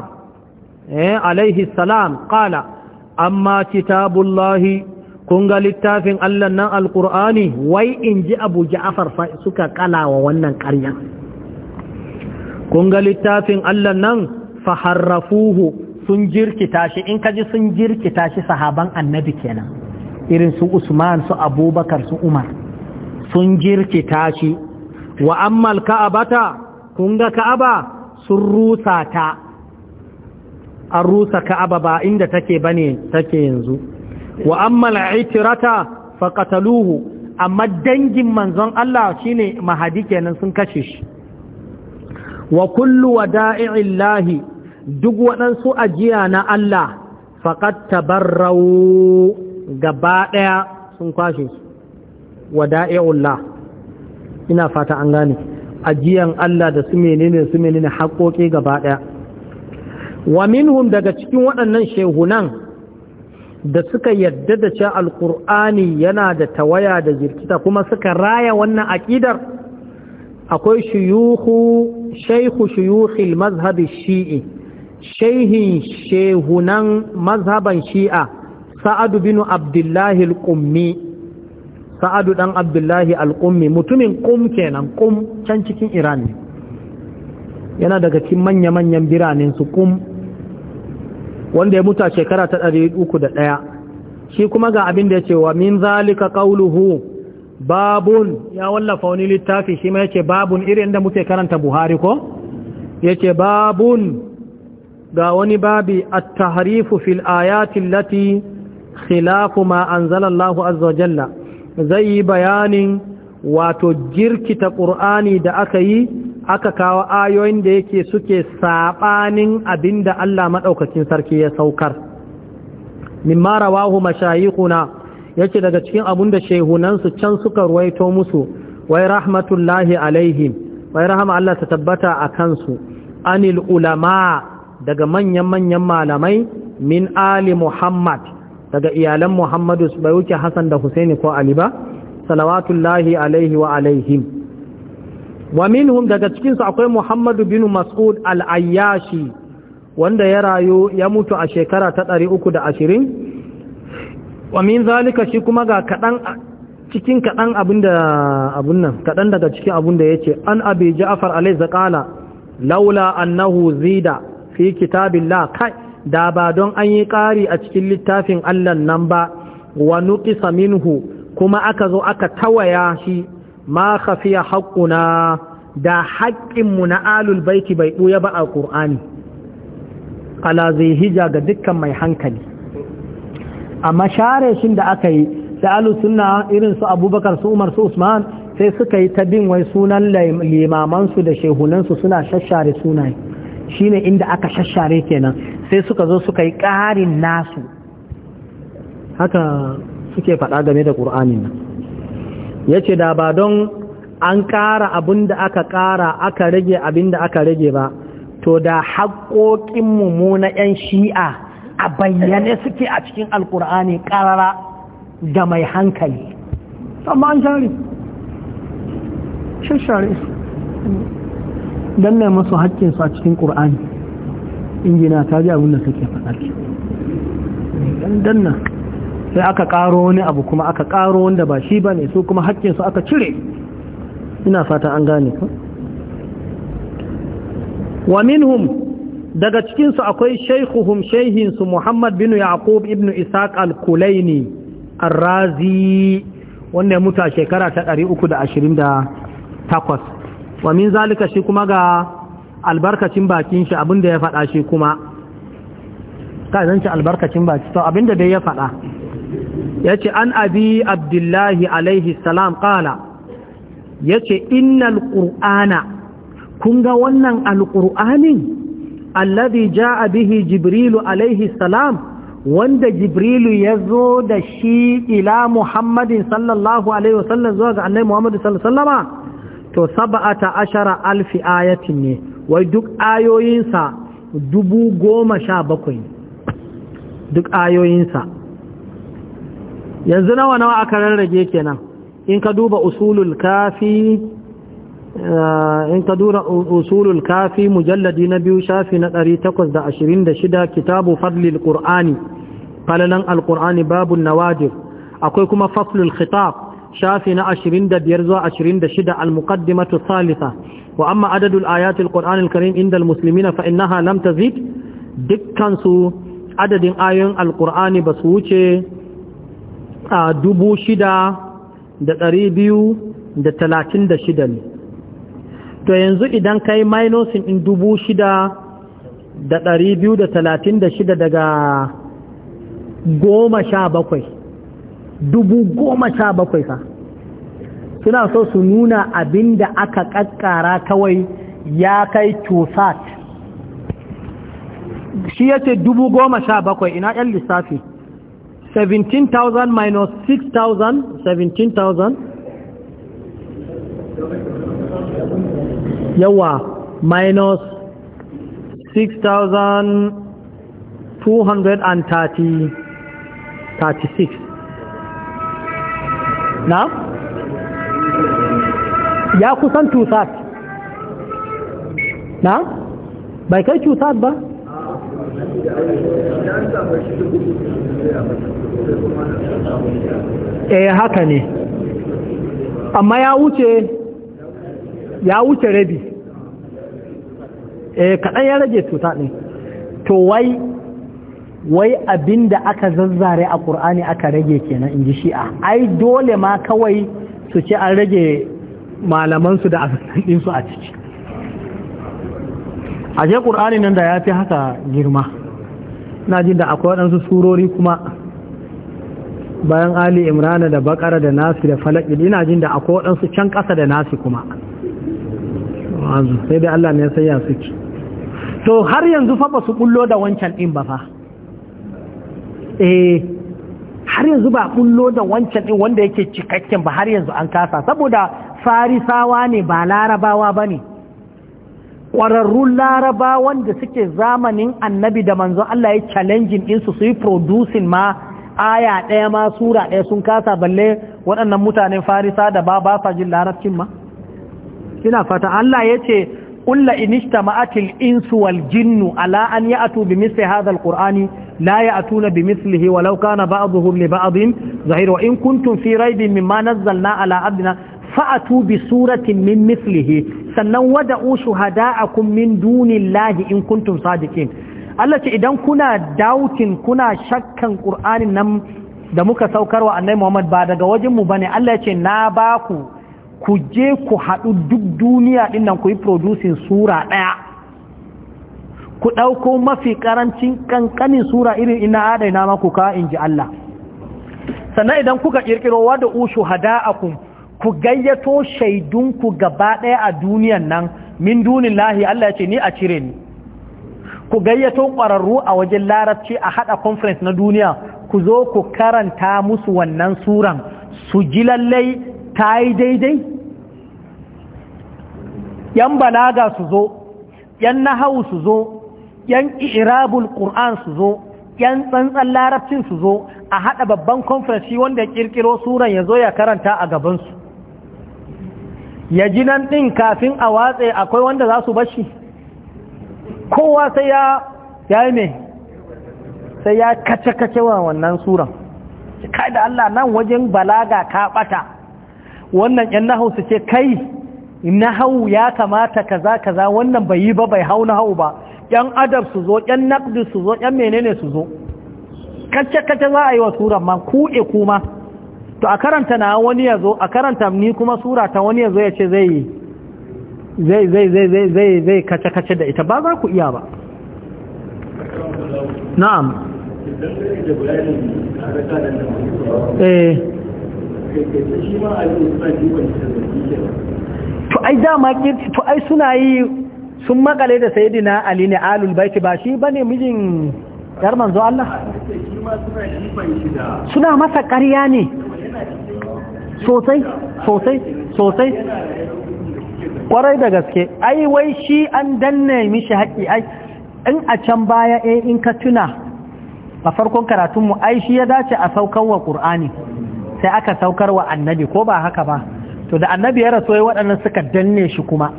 Speaker 1: eh alaihi salam amma kitabullahi kun ga littafin Allah nan alkur'ani wai in ji abu ja'afar suka kalawa wannan ƙarya kun ga littafin Allah nan faharrafuhu sun jirkita shi in kaji sun jirkita shi sahaban annabi kenan irin su usman su abubakar su umar sun jirkita shi wa ammal ka'abata kun ga ka'aba sun rusa ta an rusa ka'aba ba inda take bane take yanzu wa ammal itirata faqataluhu amma dangin manzon Allah shine mahadi kenan sun kashe shi wa kullu wada'i'illahi duk waɗansu ajiya na Allah faƙat tabarrawo gaba ɗaya sun kwashe su wada'i'ullah ina fata an gane ajiyan Allah da su menene su menene haƙoƙi gaba ɗaya wa minhum daga cikin waɗannan shehunan da suka yadda da cewa alkur'ani yana da tawaya da jirkita kuma suka raya wannan aƙidar akwai shuyuhu shaikhu shuyuhil mazhabi shi'i shehin shehunan mazhaban shi'a sa'adu binu abdullahi al-qummi sa'adu dan abdullahi al-qummi mutumin kum kenan kum can cikin iran ne yana daga cikin manya-manyan biranen su kum wanda ya muta shekara ta 301 shi kuma ga abin da ya ce wa min zalika ƙauluhu babun ya wallafa wani littafi shi ma ce babun irin da muke karanta buhari ko yace babun ga wani babi a tahrifu fil ayati khilafu ma anzala Allahu zai yi bayanin wato jirkita ƙur'ani da aka yi aka kawo ayoyin da yake suke saɓanin abinda Allah maɗaukacin sarki ya saukar mimma rawahu mashayikhuna yake daga cikin abunda da shehunansu can suka ruwaito musu wai rahmatullahi alaihim wai rahama Allah ta tabbata a kansu anil ulama daga manyan-manyan malamai min ali muhammad daga iyalan muhammadu bai wuce hassan da husaini ko ali ba salawatullahi alaihi wa alaihim wa minhum daga cikinsu akwai muhammadu bin mas'ud al'ayyashi wanda ya rayu ya mutu a shekara ta 320 wa min zalika shi kuma ga kaɗan cikin kaɗan abin nan kaɗan daga cikin abin da ya ce an abi ja'afar alaihi zaƙala laula annahu zida fi kitabillah kai da ba don an yi ƙari a cikin littafin Allah nan ba wa nuqisa minhu kuma aka zo aka tawaya shi ma khafiya haqquna da haƙƙinmu na alul baiti bai ɓuya ba a ƙur'ani ala zai hija ga dukkan mai hankali amma share shin da aka yi da alul suna irin su abubakar su umar su usman sai suka yi ta bin wai sunan limamansu da shehunansu suna shashare sunaye shine inda aka shashare kenan sai suka zo suka yi ƙarin nasu haka suke faɗa game da ƙur'anin nan ya ce da ba don an ƙara abin da aka ƙara aka rage abin da aka rage ba to da haƙoƙinmu mu na 'yan shi'a a bayyane suke a cikin alƙur'ani ƙarara ga mai hankali amma an share shashare danna masu haƙƙinsu a cikin ƙur'ani injina ta ji abin da suke faɗa danna sai aka ƙaro wani abu kuma aka ƙaro wanda ba shi ba ne su kuma haƙƙinsu aka cire ina fata an gane ku wa minhum daga cikinsu akwai shaikuhum shaihinsu muhammad bin yaqub ibn isaq al-kulaini ar razi wanda ya mutu a shekara ta 328 wa min zalika shi kuma ga albarkacin bakin shi abinda ya faɗa shi kuma ka ci albarkacin baki to abinda dai ya faɗa ya ce an abi abdullahi alaihi salam ƙala ya ce innal ƙur'ana kun ga wannan alƙur'anin alladhi ja'a bihi jibrilu alaihi salam wanda jibrilu ya zo da shi ila muhammadin sallallahu alaihi wasallam zuwa ga annabi muhammadin sallallahu alaihi wasallama to saba'ata ashara alfi ayatin ne wai duk ayoyinsa dubu goma sha bakwai duk ayoyinsa yanzu nawa nawa aka rarrage kenan in ka duba usulul kafi eh, in ka biyu usulul kafi mujalladi na biyu shafi na 826 kitabu fadlil qur'ani falalan alqur'ani babun nawajir, akwai kuma faslul khitab shafi na 25 zuwa 26 al-muqaddimatu thalitha wa amma adadul ayatil qur'anil karim inda al-muslimina fa innaha lam tazid dukkan su adadin ayoyin al-qur'ani ba su wuce a 6236 ne to yanzu idan kai minusin in shida daga goma sha bakwai dubu goma sha bakwai fa suna so su nuna abin da aka ƙaƙƙara kawai ya kai tusat shi yace dubu goma sha bakwai ina yan lissafi 17,000 minus 6,000 17,000 yawa minus 6,236 na ya kusan tusat na bai kai tusat ba eh haka ne amma ya wuce ya wuce rabi eh kaɗan ya rage tusat ne to wai wai abin da aka zazzare a ƙur'ani aka rage kenan in ji shi'a ai dole ma kawai su ce an rage malamansu da ɗinsu a ciki a je ƙur'ani nan da ya fi haka girma na jin da akwai waɗansu surori kuma bayan ali imrana da bakara da nasi da falaki ina jin da akwai waɗansu can ƙasa da nasi kuma sai dai allah ne ya sanya suke to har yanzu fa ba su ƙullo da wancan ɗin ba fa eh har yanzu ba bullo da wancan din wanda yake cikakken ba har yanzu an kasa saboda farisawa ne ba larabawa ba ne ƙwararrun laraba wanda suke zamanin annabi da manzo Allah ya challenge ɗinsu su yi producing ma aya ɗaya ma sura ɗaya sun kasa balle waɗannan mutanen farisa da ba ba sa jin larabcin ma ina fata Allah ya ce kulla inistama'atil insu wal jinnu ala an ya'tu bi misli hadha al qur'ani la ya'tuna bi mislihi walau kana ba'dhum li ba'dhin zahir in kuntum fi raibin mimma nazzalna ala abdina fa'atu bi suratin min mislihi sannan wada'u shuhada'akum min dunillahi in kuntum sadiqin Allah ce idan kuna doubting kuna shakkan qur'anin nan da muka saukarwa annabi Muhammad ba daga wajen mu bane Allah ya ce na baku ku je ku haɗu duk duniya ɗinnan ku yi producing sura ɗaya ku ɗauko mafi ƙarancin ƙanƙanin sura irin ina na maku ka in ji Allah sannan idan kuka ƙirƙiro wadda ushu hada a ku gayyato shaidunku gaba ɗaya a duniyan nan min dunin lahi Allah ya ce ni a cire ni ku gayyato ƙwararru a wajen larabci a haɗa conference na duniya ku zo ku karanta musu wannan suran su ji lallai ta yi daidai yan balaga su zo yan nahawu su zo yan irabul qur'an su zo yan tsantsan larabcin su zo a haɗa babban conference wanda ya kirkiro suran ya zo ya karanta a gabansu. su ya ji nan ɗin kafin a watse akwai wanda za su bashi kowa sai ya yi me sai ya kace kace wa wannan suran kai da Allah nan wajen balaga ka bata wannan yan nahawu su ce kai na hau ya kamata kaza kaza wannan bai yi ba bai hau na hau ba yan adab su zo yan naqdi su zo yan menene su zo kacce kacce za a yi wa suran ma kuɗe kuma to a karanta na wani ya zo a karanta ni kuma sura ta wani ya zo ya ce zai zai zai zai zai zai zai kacce kacce da ita ba za ku iya ba na'am eh to ai dama to ai suna yi sun makale da saidina ali ne alul baiti ba shi bane mijin yar manzo Allah suna masa ƙarya ne sosai sosai sosai kwarai da gaske ai wai shi an danne mishi haƙi ai in a can baya eh in ka tuna a farkon karatunmu ai shi ya dace a saukar wa ƙur'ani sai aka saukar wa annabi ko ba haka ba to da annabi ya rasu waɗannan suka danne shi kuma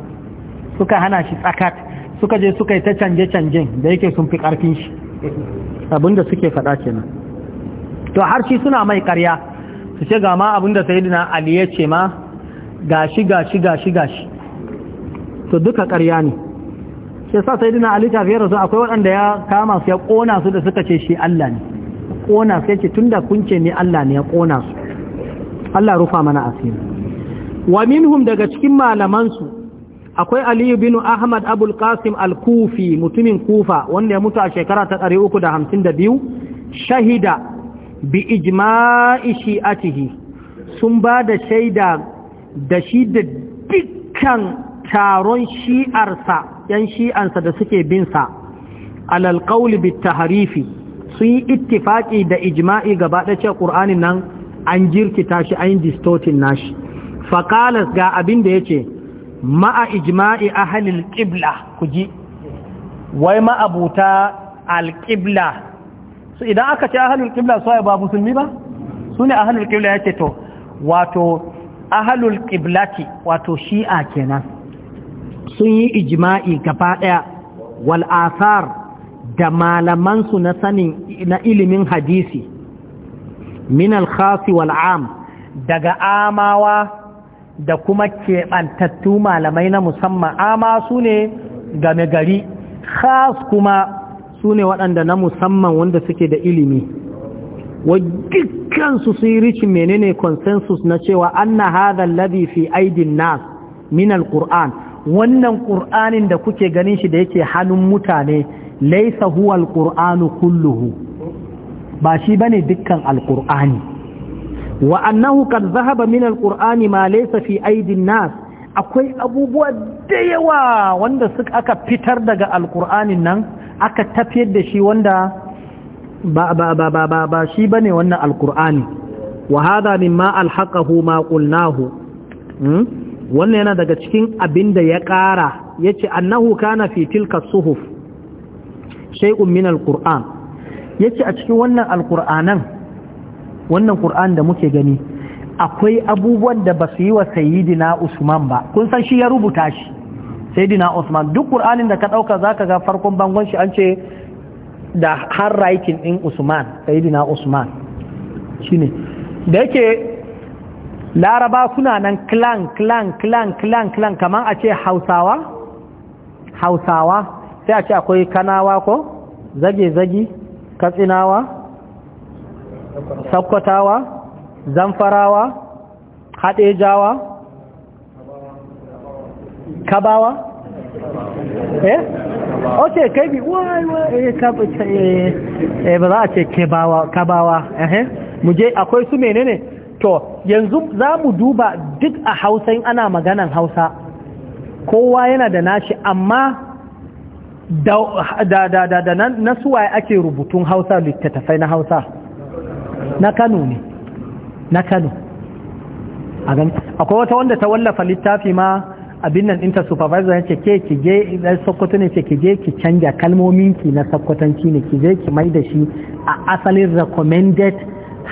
Speaker 1: suka hana shi tsakat suka je suka yi ta canje-canjen da yake sun fi ƙarfin shi abinda suke faɗa kenan to har shi suna mai ƙarya su ce ga ma abinda dina ali ya ce ma gashi gashi gashi gashi to duka ƙarya ne sai sa sai dina ali tafiyar rasu akwai waɗanda ya kama su ya ƙona su da suka ce shi allah ne ƙona su ya ce tun da kunce ne allah ne ya ƙona su allah rufa mana asiri wa minhum daga cikin malamansu akwai aliyu binu ahmad abul qasim al-kufi mutumin kufa wanda ya mutu a shekara ta 352 shahida bi ijma'i shi'atihi sun ba da shaida da shi da dukkan taron shi'arsa yan shi'ansa da suke binsa alal qawli bit tahrifi sun yi ittifaki da ijma'i gaba da cewa qur'anin nan an jirkita shi an distortin nashi faƙalas ga abin da ya ce ma'a ijma'i ahalil ƙibla ku ji wai ma'abuta alƙibla su idan aka ce ahalil ƙibla su ba musulmi ba su ne ahalil ƙibla ya ce to wato ƙibla ƙiblati wato shi'a kenan sun yi ijma'i gaba ɗaya wal'asar da malamansu na sanin na ilimin hadisi min alkhasi wal'am daga amawa da kuma keɓantattu malamai na musamman amma su ne game gari khas kuma su ne waɗanda na musamman wanda suke da ilimi wa dukkansu su yi rikin menene consensus na cewa anna hadha alladhi fi aidin nas min alquran wannan qur'anin da kuke ganin shi da yake hannun mutane laysa huwa alquranu kulluhu ba shi bane dukkan alqur'ani wa annahu kan zahaba min alqur'ani ma laysa fi aidin nas akwai abubuwa da yawa wanda suka aka fitar daga alqur'anin nan aka tafiyar da shi wanda ba ba ba ba ba, shi bane wannan alqur'ani wa hadha mimma alhaqahu ma qulnahu wannan yana daga cikin abinda ya ƙara yace annahu kana fi tilka suhuf shay'un min alqur'an yace a cikin wannan alqur'anan wannan ƙur'an da muke gani akwai abubuwan da ba su yi wa sayidina Usman ba kun san shi ya rubuta shi sayyidina Usman duk ƙur'anin da ka ɗauka zaka ga farkon bangon shi an ce da har writing in Usman sayyidina Usman ne da yake laraba suna nan klan klan clan clan clan kamar a ce hausawa hausawa sai a ce akwai kanawa ko zage-zage katsinawa sakkwatawa zamfarawa haɗejawa kabawa eh ok kaibi wai wai eh ba za a ce kabawa eh mu je akwai su menene to yanzu za mu duba duk a hausa in ana maganan hausa kowa yana da nashi amma da da da da na ake rubutun hausa littattafai na hausa na kano ne na kano a gani akwai wata wanda ta wallafa littafi ma abin nan inter supervisor ya ce ke ki je dan sokoto ne ce ki je ki canja kalmomin ki na sokotanci ne ki je ki mai da shi a asalin recommended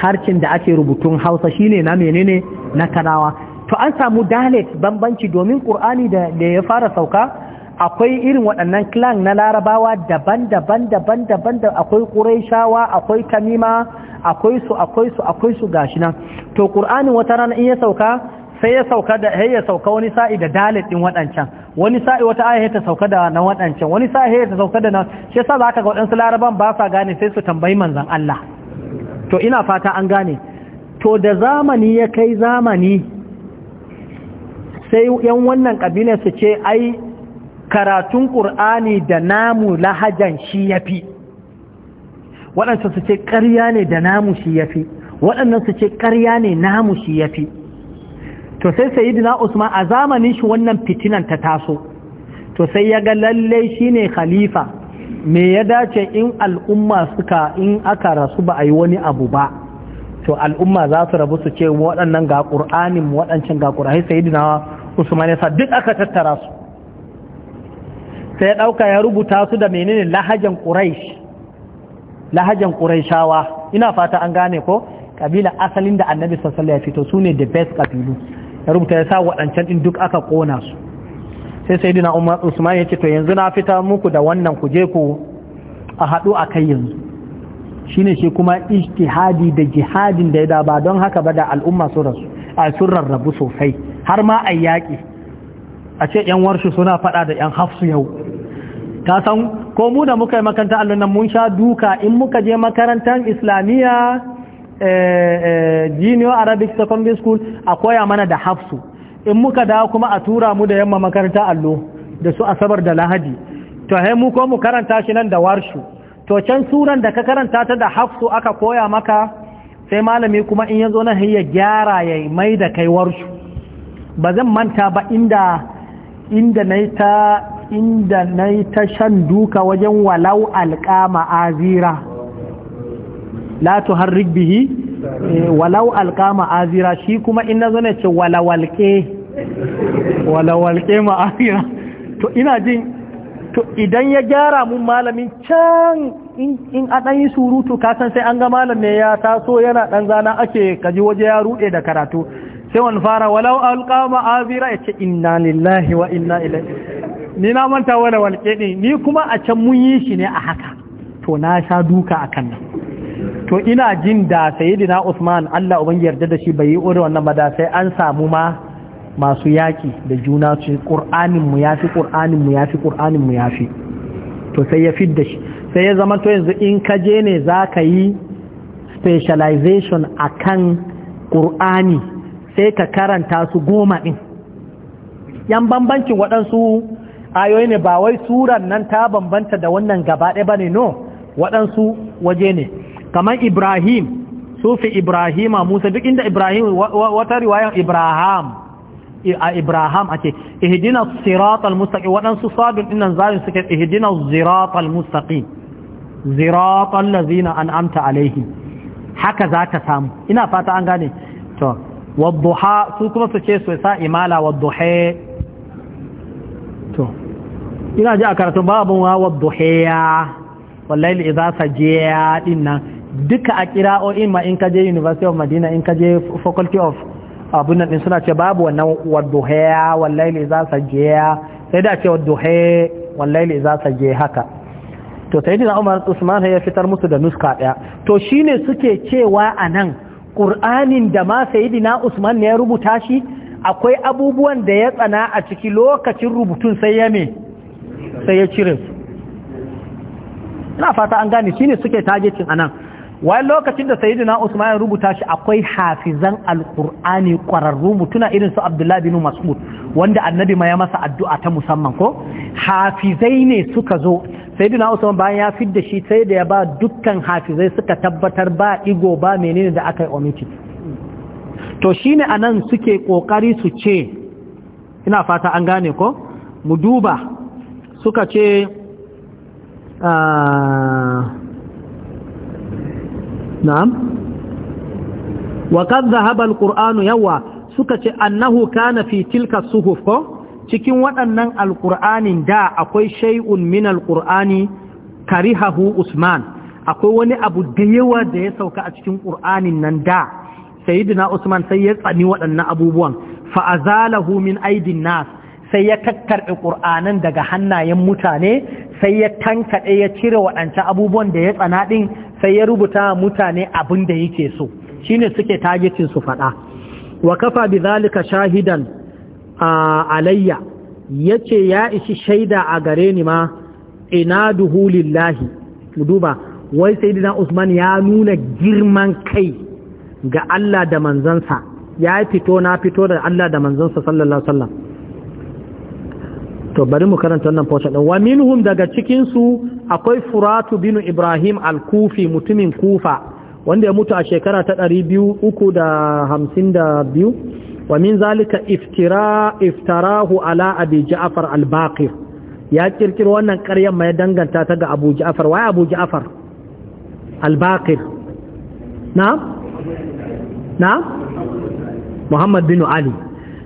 Speaker 1: harkin da ake rubutun hausa shine na menene na kanawa to an samu dalet bambanci domin qur'ani da ya fara sauka akwai irin waɗannan clan na larabawa daban-daban daban-daban da akwai ƙuraishawa akwai tamima akwai su akwai su akwai su gashi nan to ƙur'ani wata rana in ya sauka sai ya sauka da ya sauka wani sa'i da dalit din waɗancan wani sa'i wata aya ta sauka da na waɗancan wani sa'i ta sauka da na shi yasa zaka ga waɗansu laraban ba sa gane sai su tambayi manzon Allah to ina fata an gane to da zamani ya kai zamani sai yan wannan kabila su ce ai karatun ƙur'ani da namu lahajan shi ya fi waɗansu su ce ƙarya ne da namu shi ya fi waɗannan su ce ƙarya ne namu shi ya fi to sai sayidina usman a zamanin shi wannan fitinan ta taso to sai ya ga lalle shi ne khalifa me ya dace in al'umma suka in aka rasu ba a yi wani abu ba to al'umma za su rabu su ce waɗannan ga ƙur'anin waɗancan ga ƙur'ani sayidina usman ya sa duk aka tattara su sai ya ɗauka ya rubuta su da menene lahajan ƙuraish lahajan ƙuraishawa ina fata an gane ko kabila asalin da annabi Sassan ya fito su ne the best kabilu ya rubuta ya sa waɗancan ɗin duk aka ƙona su sai sai dina usman ya ce to yanzu na fita muku da wannan ku je ku a haɗu a kai yanzu shine shi kuma ijtihadi da jihadin da ya daba don haka ba da al'umma su rasu sun rarrabu sosai har ma a yaƙi a ce yan warshi suna faɗa da yan hafsu yau ta san ko mu da muka yi makaranta allon nan mun sha duka in muka je makarantar islamiyya eh, eh, junior arabic secondary school a koya mana da hafsu in muka dawo kuma a tura mu da yamma makaranta allo da su asabar da lahadi to hai mu ko mu karanta shi nan da warshu to can suran da ka karanta ta da hafsu aka koya maka sai malami kuma in ya zo na ya gyara ya mai da kai warshu ba zan manta ba inda inda na ta inda na ta shan duka wajen walau alƙama azira la harrik bihi eh, walau alƙama azira shi kuma in na zane ce walawalke walawalƙe ma'azira to ina jin to idan ya gyara mun malamin can in a dan yi surutu kasan sai an ga malam ne ya taso yana ɗan zana ake kaji waje ya ruɗe da karatu sai wani fara walau alƙa ma'azira ya ce inna lillahi wa inna ilai ni na manta wani walƙe ne ni kuma a can mun yi shi ne a haka to na sha duka a kan nan to ina jin da dina usman allah uban yarda da shi bai yi ori wannan ba da sai an samu ma masu yaƙi da juna su ƙur'anin mu fi ƙur'anin mu fi ƙur'anin mu fi to sai ya fi da shi sai ya zama to yanzu in ka je ne za ka yi specialization akan ƙur'ani sai ka karanta su goma ɗin yan bambancin waɗansu ayoyi ne ba wai suran nan ta bambanta da wannan gaba ɗaya ba ne no waɗansu waje ne kamar ibrahim sufi ibrahima musa duk inda ibrahim wata riwayan ibrahim a ibrahim ake ihdina siratal mustaqim waɗansu sabin ɗinnan zarin suke ihdina siratal mustaqim siratal lazina an'amta alaihi haka za ka samu ina fata an gane to wadduha su kuma su ce su sa imala wadduhe to ina ji a karatun babin wa wadduhe ya wallahi idza sajiya din nan duka a in ma in ka je university of madina in ka je faculty of abun nan suna ce babu wannan wadduhe ya wallahi idza sajiya sai da ce wadduhe wallahi idza sajiya haka to sai dina umar usman ya fitar musu da nuska daya to shine suke cewa anan ƙur'anin da ma sayidina usman ne ya rubuta shi akwai abubuwan da ya tsana a ciki lokacin rubutun sai ya me sai ya cire su ina fata an gane ne suke a nan. wani lokacin da sayyidina usman ya rubuta shi akwai hafizan alqur'ani kwararru mutuna irin su abdullahi bin mas'ud wanda annabi ma ya masa addu'a ta musamman ko hafizai ne suka zo sayyidina usman bayan ya fidda shi sai da ya ba dukkan hafizai suka tabbatar ba igo ba menene da aka yi omiti to shine anan suke kokari su ce ina fata an gane ko mu duba suka ce ah, na'am wa kad dhahaba yawa suka ce annahu kana fi tilka suhuf ko cikin waɗannan alqur'anin da akwai shay'un min alqur'ani karihahu usman akwai wani abu da yawa da ya sauka a cikin qur'anin nan da sayyidina usman sai ya tsani waɗannan abubuwan fa azalahu min aidin nas sai ya kakkarɓe ƙur'anan daga hannayen mutane sai ya tankaɗe ya cire waɗancan abubuwan da ya tsana ɗin sai ya rubuta mutane abin da yake so shine suke tagicin su faɗa wa kafa bi zalika shahidan alayya yace ya ishi shaida a gare ni ma Ina duhu lillahi duba wai sai sayyidina Usman ya nuna girman kai ga Allah da manzansa ya fito na fito da Allah da manzansa sallallahu alaihi wasallam to bari mu karanta wannan portion din wa minhum daga cikin su akwai furatu bin ibrahim al-kufi mutumin kufa wanda ya mutu a shekara ta 352 wa min zalika iftira iftarahu ala abi ja'far al-baqir ya kirkiro wannan ƙaryar mai danganta ta ga abu ja'far wai abu ja'far al-baqir na na muhammad bin ali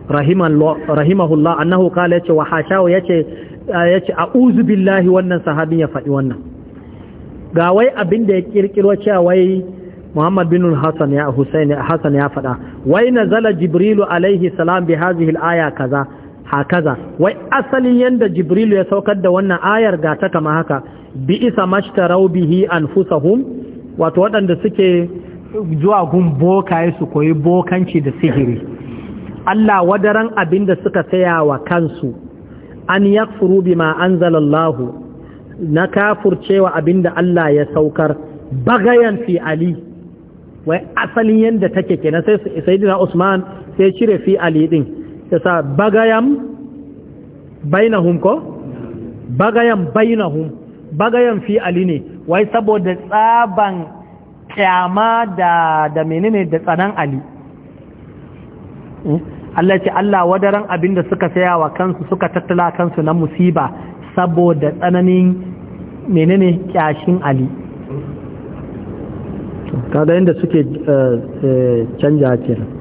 Speaker 1: rahimahullah annahu kala yace wa hashahu yace yace a'udhu billahi wannan sahabi ya faɗi wannan ga wai abin da ya kirkiro cewa wai Muhammad bin Hassan ya Husaini Hassan ya faɗa wai nazala Jibrilu alaihi salam bi hadhihi al-aya kaza hakaza wai asalin yanda Jibrilu ya saukar da wannan ayar ga ta kama haka bi isa mashtarau bihi anfusahum wato waɗanda suke zuwa gun bokaye su koyi bokanci da sihiri Allah wadaran abin da suka saya wa kansu an yakfuru bima anzalallahu na kafurcewa abin da Allah ya saukar bagayan fi ali wai asalin yadda take kenan sai sayyidina Usman sai cire fi ali din yasa bagayan bainahum ko bagayan bainahum bagayan fi ali ne wai saboda tsaban kyama da da menene da tsanan ali hmm? Allah ce Allah wadaran abin da suka saya wa kansu suka tattala kansu na musiba saboda tsananin menene kyashin Ali kada inda suke eh, eh, canja kenan